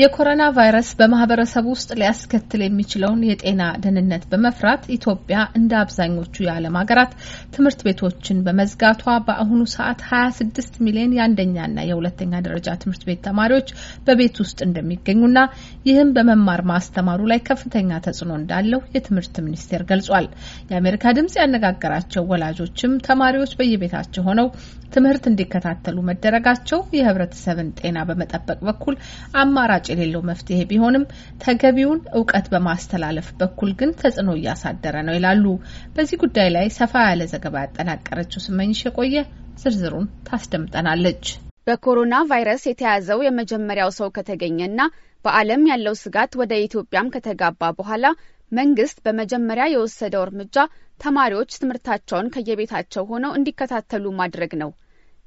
የኮሮና ቫይረስ በማህበረሰብ ውስጥ ሊያስከትል የሚችለውን የጤና ደህንነት በመፍራት ኢትዮጵያ እንደ አብዛኞቹ የዓለም ሀገራት ትምህርት ቤቶችን በመዝጋቷ በአሁኑ ሰዓት 26 ሚሊዮን የአንደኛና የሁለተኛ ደረጃ ትምህርት ቤት ተማሪዎች በቤት ውስጥ እንደሚገኙና ይህም በመማር ማስተማሩ ላይ ከፍተኛ ተጽዕኖ እንዳለው የትምህርት ሚኒስቴር ገልጿል። የአሜሪካ ድምጽ ያነጋገራቸው ወላጆችም ተማሪዎች በየቤታቸው ሆነው ትምህርት እንዲከታተሉ መደረጋቸው የህብረተሰብን ጤና በመጠበቅ በኩል አማራጭ አማራጭ የሌለው መፍትሄ ቢሆንም ተገቢውን እውቀት በማስተላለፍ በኩል ግን ተጽዕኖ እያሳደረ ነው ይላሉ። በዚህ ጉዳይ ላይ ሰፋ ያለ ዘገባ ያጠናቀረችው ስመኝሽ የቆየ ዝርዝሩን ታስደምጠናለች። በኮሮና ቫይረስ የተያዘው የመጀመሪያው ሰው ከተገኘና በዓለም ያለው ስጋት ወደ ኢትዮጵያም ከተጋባ በኋላ መንግስት በመጀመሪያ የወሰደው እርምጃ ተማሪዎች ትምህርታቸውን ከየቤታቸው ሆነው እንዲከታተሉ ማድረግ ነው።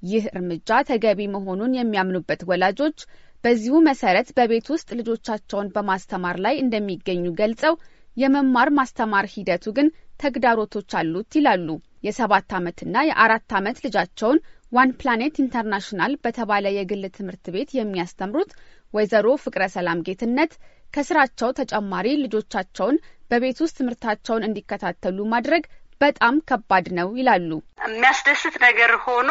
ይህ እርምጃ ተገቢ መሆኑን የሚያምኑበት ወላጆች በዚሁ መሰረት በቤት ውስጥ ልጆቻቸውን በማስተማር ላይ እንደሚገኙ ገልጸው የመማር ማስተማር ሂደቱ ግን ተግዳሮቶች አሉት ይላሉ። የሰባት ዓመትና የአራት ዓመት ልጃቸውን ዋን ፕላኔት ኢንተርናሽናል በተባለ የግል ትምህርት ቤት የሚያስተምሩት ወይዘሮ ፍቅረ ሰላም ጌትነት ከስራቸው ተጨማሪ ልጆቻቸውን በቤት ውስጥ ትምህርታቸውን እንዲከታተሉ ማድረግ በጣም ከባድ ነው ይላሉ። የሚያስደስት ነገር ሆኖ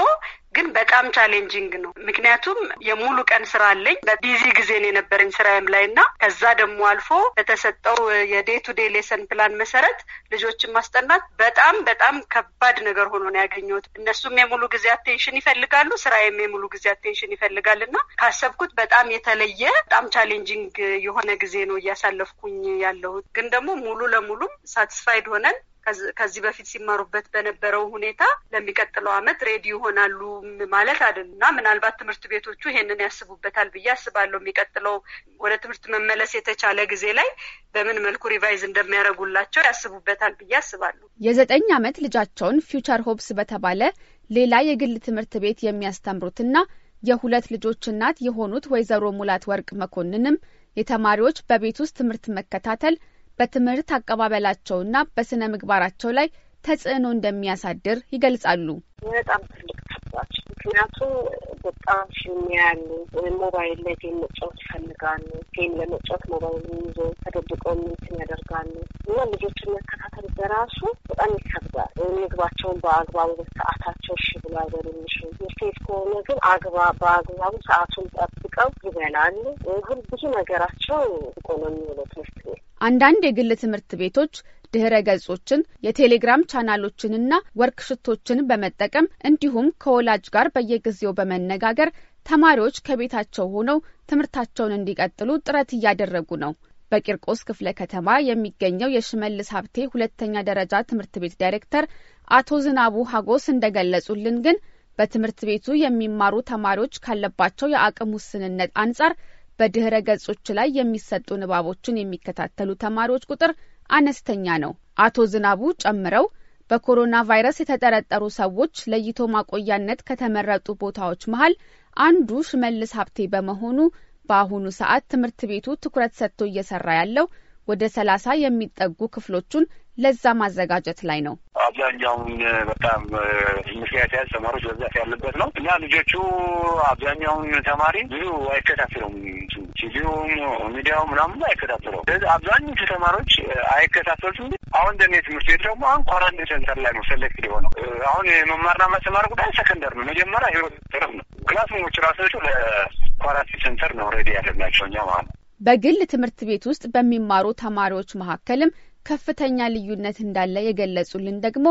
ግን በጣም ቻሌንጂንግ ነው። ምክንያቱም የሙሉ ቀን ስራ አለኝ። በቢዚ ጊዜ ነው የነበረኝ ስራዬም ላይ እና ከዛ ደግሞ አልፎ በተሰጠው የዴይ ቱ ዴይ ሌሰን ፕላን መሰረት ልጆችን ማስጠናት በጣም በጣም ከባድ ነገር ሆኖ ነው ያገኘሁት። እነሱም የሙሉ ጊዜ አቴንሽን ይፈልጋሉ፣ ስራዬም የሙሉ ጊዜ አቴንሽን ይፈልጋል እና ካሰብኩት በጣም የተለየ በጣም ቻሌንጂንግ የሆነ ጊዜ ነው እያሳለፍኩኝ ያለሁት። ግን ደግሞ ሙሉ ለሙሉም ሳትስፋይድ ሆነን ከዚህ በፊት ሲማሩበት በነበረው ሁኔታ ለሚቀጥለው ዓመት ሬዲ ይሆናሉ ማለት አይደለም እና ምናልባት ትምህርት ቤቶቹ ይሄንን ያስቡበታል ብዬ አስባለሁ። የሚቀጥለው ወደ ትምህርት መመለስ የተቻለ ጊዜ ላይ በምን መልኩ ሪቫይዝ እንደሚያደርጉላቸው ያስቡበታል ብዬ አስባለሁ። የዘጠኝ ዓመት ልጃቸውን ፊውቸር ሆፕስ በተባለ ሌላ የግል ትምህርት ቤት የሚያስተምሩትና የሁለት ልጆች እናት የሆኑት ወይዘሮ ሙላት ወርቅ መኮንንም የተማሪዎች በቤት ውስጥ ትምህርት መከታተል በትምህርት አቀባበላቸውና በስነ ምግባራቸው ላይ ተጽዕኖ እንደሚያሳድር ይገልጻሉ። በጣም ትልቅ ተጽዕኖ ምክንያቱ በጣም ፊልም ያሉ ሞባይል ላይ ጌም መጫወት ይፈልጋሉ። ጌም ለመጫወት ሞባይል ይዞ ተደብቀው ምንትን ያደርጋሉ እና ልጆችን መከታተል በራሱ በጣም ይከብዳል። ምግባቸውን በአግባቡ በሰዓታቸው እሺ ብሎ ያገሉልሽ ሴት ከሆነ ግን አግባ በአግባቡ ሰዓቱን ጠብቀው ይበላሉ። ሁል ብዙ ነገራቸው ኢኮኖሚ ሁለት መስት አንዳንድ የግል ትምህርት ቤቶች ድህረ ገጾችን የቴሌግራም ቻናሎችንና ወርክሽቶችን በመጠቀም እንዲሁም ከወላጅ ጋር በየጊዜው በመነጋገር ተማሪዎች ከቤታቸው ሆነው ትምህርታቸውን እንዲቀጥሉ ጥረት እያደረጉ ነው። በቂርቆስ ክፍለ ከተማ የሚገኘው የሽመልስ ሀብቴ ሁለተኛ ደረጃ ትምህርት ቤት ዳይሬክተር አቶ ዝናቡ ሀጎስ እንደገለጹልን ግን በትምህርት ቤቱ የሚማሩ ተማሪዎች ካለባቸው የአቅም ውስንነት አንጻር በድህረ ገጾች ላይ የሚሰጡ ንባቦችን የሚከታተሉ ተማሪዎች ቁጥር አነስተኛ ነው። አቶ ዝናቡ ጨምረው በኮሮና ቫይረስ የተጠረጠሩ ሰዎች ለይቶ ማቆያነት ከተመረጡ ቦታዎች መሀል አንዱ ሽመልስ ሀብቴ በመሆኑ በአሁኑ ሰዓት ትምህርት ቤቱ ትኩረት ሰጥቶ እየሰራ ያለው ወደ ሰላሳ የሚጠጉ ክፍሎቹን ለዛ ማዘጋጀት ላይ ነው። አብዛኛውን በጣም ምክንያት ያዝ ተማሪዎች በብዛት ያለበት ነው እና ልጆቹ አብዛኛውን ተማሪ ብዙ አይከታተለውም። ቲቪውም ሚዲያው ምናምን አይከታተለው። ስለዚህ አብዛኞቹ ተማሪዎች አይከታተሉትም። አሁን እንደኔ ትምህርት ቤት ደግሞ አሁን ኳራንድ ሴንተር ላይ ነው ሴሌክት የሆነው። አሁን የመማርና ማስተማር ጉዳይ ሰከንደር ነው። መጀመሪያ ህይወት ጥረፍ ነው። ክላስሞች ራሳቸው ለኳራንድ ሴንተር ነው ሬዲ ያደርግናቸው እኛ ማለት በግል ትምህርት ቤት ውስጥ በሚማሩ ተማሪዎች መካከልም ከፍተኛ ልዩነት እንዳለ የገለጹልን ደግሞ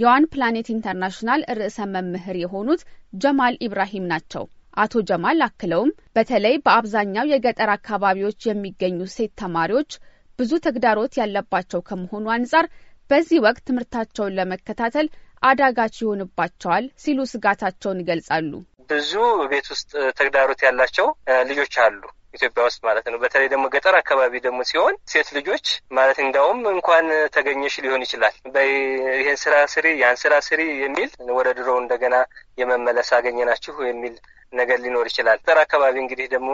የዋን ፕላኔት ኢንተርናሽናል ርዕሰ መምህር የሆኑት ጀማል ኢብራሂም ናቸው። አቶ ጀማል አክለውም በተለይ በአብዛኛው የገጠር አካባቢዎች የሚገኙ ሴት ተማሪዎች ብዙ ተግዳሮት ያለባቸው ከመሆኑ አንጻር በዚህ ወቅት ትምህርታቸውን ለመከታተል አዳጋች ይሆንባቸዋል ሲሉ ስጋታቸውን ይገልጻሉ። ብዙ ቤት ውስጥ ተግዳሮት ያላቸው ልጆች አሉ። ኢትዮጵያ ውስጥ ማለት ነው። በተለይ ደግሞ ገጠር አካባቢ ደግሞ ሲሆን ሴት ልጆች ማለት እንዳውም እንኳን ተገኘሽ ሊሆን ይችላል ይህን ስራ ስሪ፣ ያን ስራ ስሪ የሚል ወደ ድሮ እንደገና የመመለስ አገኘናችሁ የሚል ነገር ሊኖር ይችላል። ገጠር አካባቢ እንግዲህ ደግሞ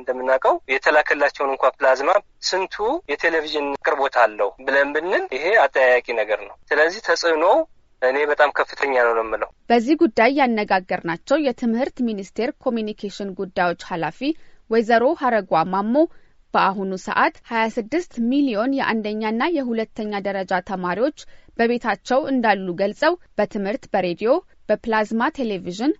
እንደምናውቀው የተላከላቸውን እንኳ ፕላዝማ ስንቱ የቴሌቪዥን ቅርቦት አለው ብለን ብንል ይሄ አጠያያቂ ነገር ነው። ስለዚህ ተጽዕኖ እኔ በጣም ከፍተኛ ነው ነው የምለው። በዚህ ጉዳይ ያነጋገርናቸው የትምህርት ሚኒስቴር ኮሚኒኬሽን ጉዳዮች ኃላፊ ወይዘሮ ሀረጓ ማሞ በአሁኑ ሰዓት 26 ሚሊዮን የአንደኛና የሁለተኛ ደረጃ ተማሪዎች በቤታቸው እንዳሉ ገልጸው በትምህርት በሬዲዮ፣ በፕላዝማ ቴሌቪዥን፣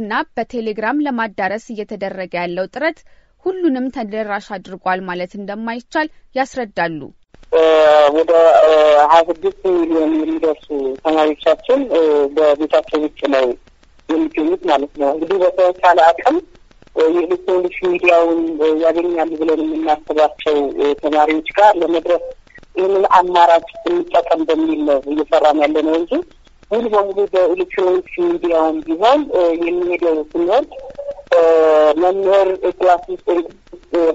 እና በቴሌግራም ለማዳረስ እየተደረገ ያለው ጥረት ሁሉንም ተደራሽ አድርጓል ማለት እንደማይቻል ያስረዳሉ። ወደ ሀያ ስድስት ሚሊዮን የሚደርሱ ተማሪዎቻችን በቤታቸው ውጭ ነው የሚገኙት ማለት ነው። እንግዲህ በተቻለ አቅም የኤሌክትሮኒክስ ሚዲያውን ያገኛሉ ብለን የምናስባቸው ተማሪዎች ጋር ለመድረስ ይህንን አማራጭ እንጠቀም በሚል ነው እየሰራን ያለ ነው እንጂ ሙሉ በሙሉ በኤሌክትሮኒክስ ሚዲያውን ቢሆን የሚሄደው ትምህርት መምህር ክላስ ውስጥ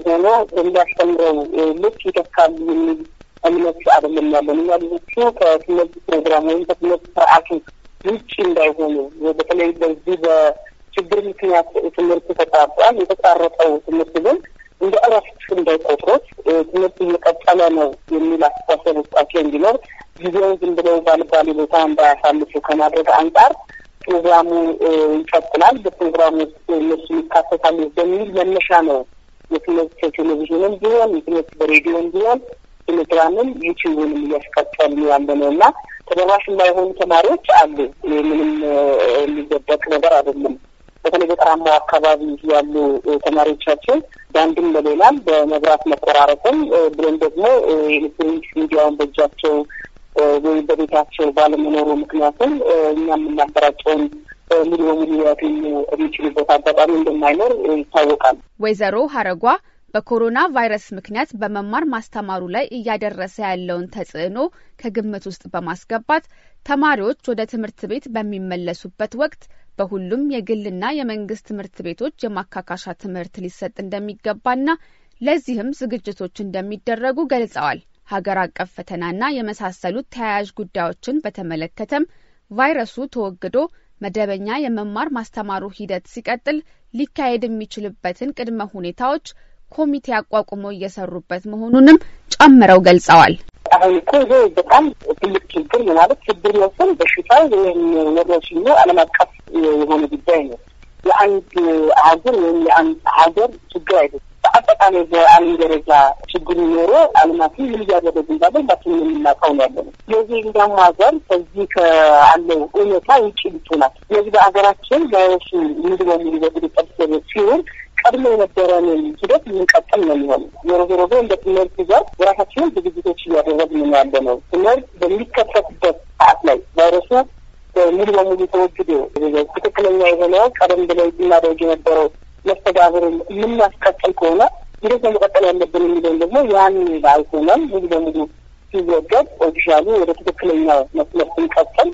ሆኖ እንዲያስተምረው ልክ ይደካል የሚል እምነት አይደለም ያለን እኛ ልጆቹ ከትምህርት ፕሮግራም ወይም ከትምህርት ስርዓቱ ውጭ እንዳይሆኑ በተለይ በዚህ በ ችግር ምክንያት ትምህርት ተቋርጧል። የተቋረጠው ትምህርት ግን እንደ እረፍት እንዳይቆጥሩት ትምህርት እየቀጠለ ነው የሚል አስተሳሰብ ውስጣቸው እንዲኖር ጊዜውን ዝም ብለው ባልባሌ ቦታ እንዳያሳልፉ ከማድረግ አንጻር ፕሮግራሙ ይቀጥላል፣ በፕሮግራሙ ውስጥ እነሱ ይካተታሉ በሚል መነሻ ነው የትምህርት ቴሌቪዥንም ቢሆን የትምህርት በሬዲዮም ቢሆን ቴሌግራምም ዩቲዩብንም እያስቀጠል ያለ ነው እና ተደራሽ የማይሆኑ ተማሪዎች አሉ። ምንም የሚደበቅ ነገር አይደለም። በተለይ ገጠራማው አካባቢ ያሉ ተማሪዎቻችን በአንድም በሌላም በመብራት መቆራረጥም ብሎም ደግሞ ኤሌክትሮኒክስ ሚዲያውን በእጃቸው ወይም በቤታቸው ባለመኖሩ ምክንያቱም እኛ የምናሰራጨውን ሙሉ በሙሉ ያገኙ የሚችሉበት አጋጣሚ እንደማይኖር ይታወቃል። ወይዘሮ ሀረጓ በኮሮና ቫይረስ ምክንያት በመማር ማስተማሩ ላይ እያደረሰ ያለውን ተጽዕኖ ከግምት ውስጥ በማስገባት ተማሪዎች ወደ ትምህርት ቤት በሚመለሱበት ወቅት በሁሉም የግልና የመንግስት ትምህርት ቤቶች የማካካሻ ትምህርት ሊሰጥ እንደሚገባና ለዚህም ዝግጅቶች እንደሚደረጉ ገልጸዋል። ሀገር አቀፍ ፈተናና የመሳሰሉት ተያያዥ ጉዳዮችን በተመለከተም ቫይረሱ ተወግዶ መደበኛ የመማር ማስተማሩ ሂደት ሲቀጥል ሊካሄድ የሚችልበትን ቅድመ ሁኔታዎች ኮሚቴ አቋቁሞ እየሰሩበት መሆኑንም ጨምረው ገልጸዋል። አሁን እኮ ይሄ በጣም ትልቅ ችግር ማለት ችግር ይወስን በሽታ ወይም ወረርሽኙ ዓለም አቀፍ የሆነ ጉዳይ ነው። የአንድ ሀገር ወይም የአንድ ሀገር ችግር አይደለም። በአጠቃላይ በዓለም ደረጃ ችግር ኖሮ ዓለማችን ምን እያደረገ እንዳለ ሁላችን የምናውቀው ነው ያለ ነው። የዚህ እንዲያም ሀገር ከዚህ ከአለው እውነታ ውጭ ልትሆናል። ስለዚህ በሀገራችን ቫይረሱ ሙሉ በሙሉ በቁጥጥር ሲሆን ቀድሞ የነበረንን ሂደት የምንቀጥል ነው የሚሆኑ ዞሮ ዞሮ ግን እንደ ትምህርት ጋር የራሳችንን ዝግጅቶች እያደረግን ያለ ነው። ትምህርት በሚከፈትበት ሰዓት ላይ ቫይረሱ ሙሉ በሙሉ ተወግዶ ትክክለኛ የሆነ ቀደም ብለው እናደርግ የነበረው መስተጋብርን የምናስቀጥል ከሆነ እንዴት ነው መቀጠል ያለብን የሚለውን ደግሞ ያን ባይሆነም ሙሉ በሙሉ ሲወገድ ኦፊሻሉ ወደ ትክክለኛ መስመር ስንቀጥል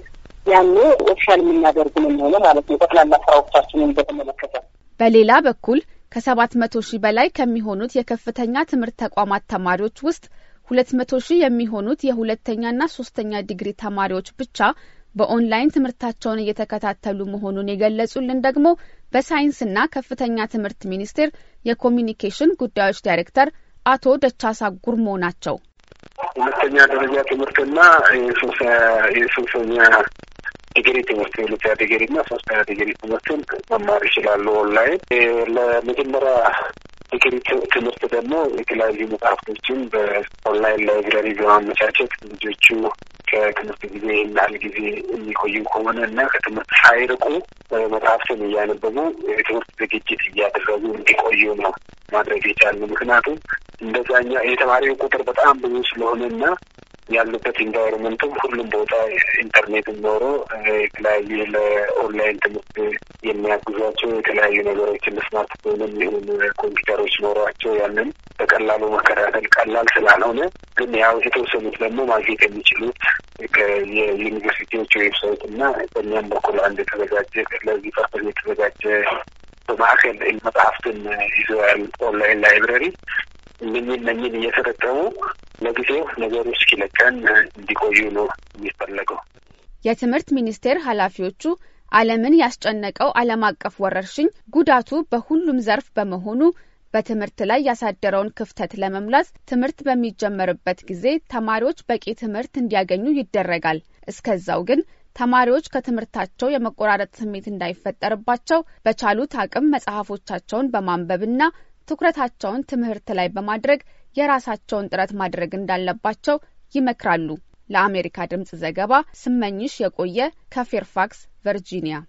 ያኔ ኦፊሻል የምናደርግ ምን ሆነ ማለት ነው ጠቅላላ ስራዎቻችንን በተመለከተ በሌላ በኩል ከሰባት መቶ ሺህ በላይ ከሚሆኑት የከፍተኛ ትምህርት ተቋማት ተማሪዎች ውስጥ ሁለት መቶ ሺህ የሚሆኑት የሁለተኛና ሶስተኛ ዲግሪ ተማሪዎች ብቻ በኦንላይን ትምህርታቸውን እየተከታተሉ መሆኑን የገለጹልን ደግሞ በሳይንስና ከፍተኛ ትምህርት ሚኒስቴር የኮሚኒኬሽን ጉዳዮች ዳይሬክተር አቶ ደቻሳ ጉርሞ ናቸው። ሁለተኛ ደረጃ ትምህርትና የሶስተኛ ዲግሪ ትምህርት የሁለተኛ ዲግሪ እና ሶስተኛ ዲግሪ ትምህርትን መማር ይችላሉ ኦንላይን ለመጀመሪያ ዲግሪ ትምህርት ደግሞ የተለያዩ መጽሐፍቶችን በኦንላይን ላይብረሪ በማመቻቸት ልጆቹ ከትምህርት ጊዜ ይህን ያህል ጊዜ የሚቆዩ ከሆነ እና ከትምህርት ሳይርቁ መጽሐፍትን እያነበቡ የትምህርት ዝግጅት እያደረጉ እንዲቆዩ ነው ማድረግ የቻልን። ምክንያቱም እንደዛኛ የተማሪው ቁጥር በጣም ብዙ ስለሆነ እና ያሉበት ኢንቫይሮንመንቱም ሁሉም ቦታ ኢንተርኔትም ኖሮ የተለያዩ ለኦንላይን ትምህርት የሚያግዟቸው የተለያዩ ነገሮችን ፎንም ይሁን ኮምፒውተሮች ኖሯቸው ያንን በቀላሉ መከታተል ቀላል ስላልሆነ ግን ያው የተወሰኑት ደግሞ ማግኘት የሚችሉት ከዩኒቨርሲቲዎች ዌብሳይት እና በእኛም በኩል አንድ የተዘጋጀ ለዚህ ፐርፐዝ የተዘጋጀ በማዕከል መጽሐፍትን ይዘዋል። ኦንላይን ላይብረሪ እነኝን ነኝን እየተጠቀሙ ለጊዜው ነገሩ እስኪለቀን እንዲቆዩ ነው የሚፈለገው። የትምህርት ሚኒስቴር ኃላፊዎቹ ዓለምን ያስጨነቀው ዓለም አቀፍ ወረርሽኝ ጉዳቱ በሁሉም ዘርፍ በመሆኑ በትምህርት ላይ ያሳደረውን ክፍተት ለመሙላት ትምህርት በሚጀመርበት ጊዜ ተማሪዎች በቂ ትምህርት እንዲያገኙ ይደረጋል። እስከዛው ግን ተማሪዎች ከትምህርታቸው የመቆራረጥ ስሜት እንዳይፈጠርባቸው በቻሉት አቅም መጽሐፎቻቸውን በማንበብና ትኩረታቸውን ትምህርት ላይ በማድረግ የራሳቸውን ጥረት ማድረግ እንዳለባቸው ይመክራሉ። ለአሜሪካ ድምፅ ዘገባ ስመኝሽ የቆየ ከፌርፋክስ ቨርጂኒያ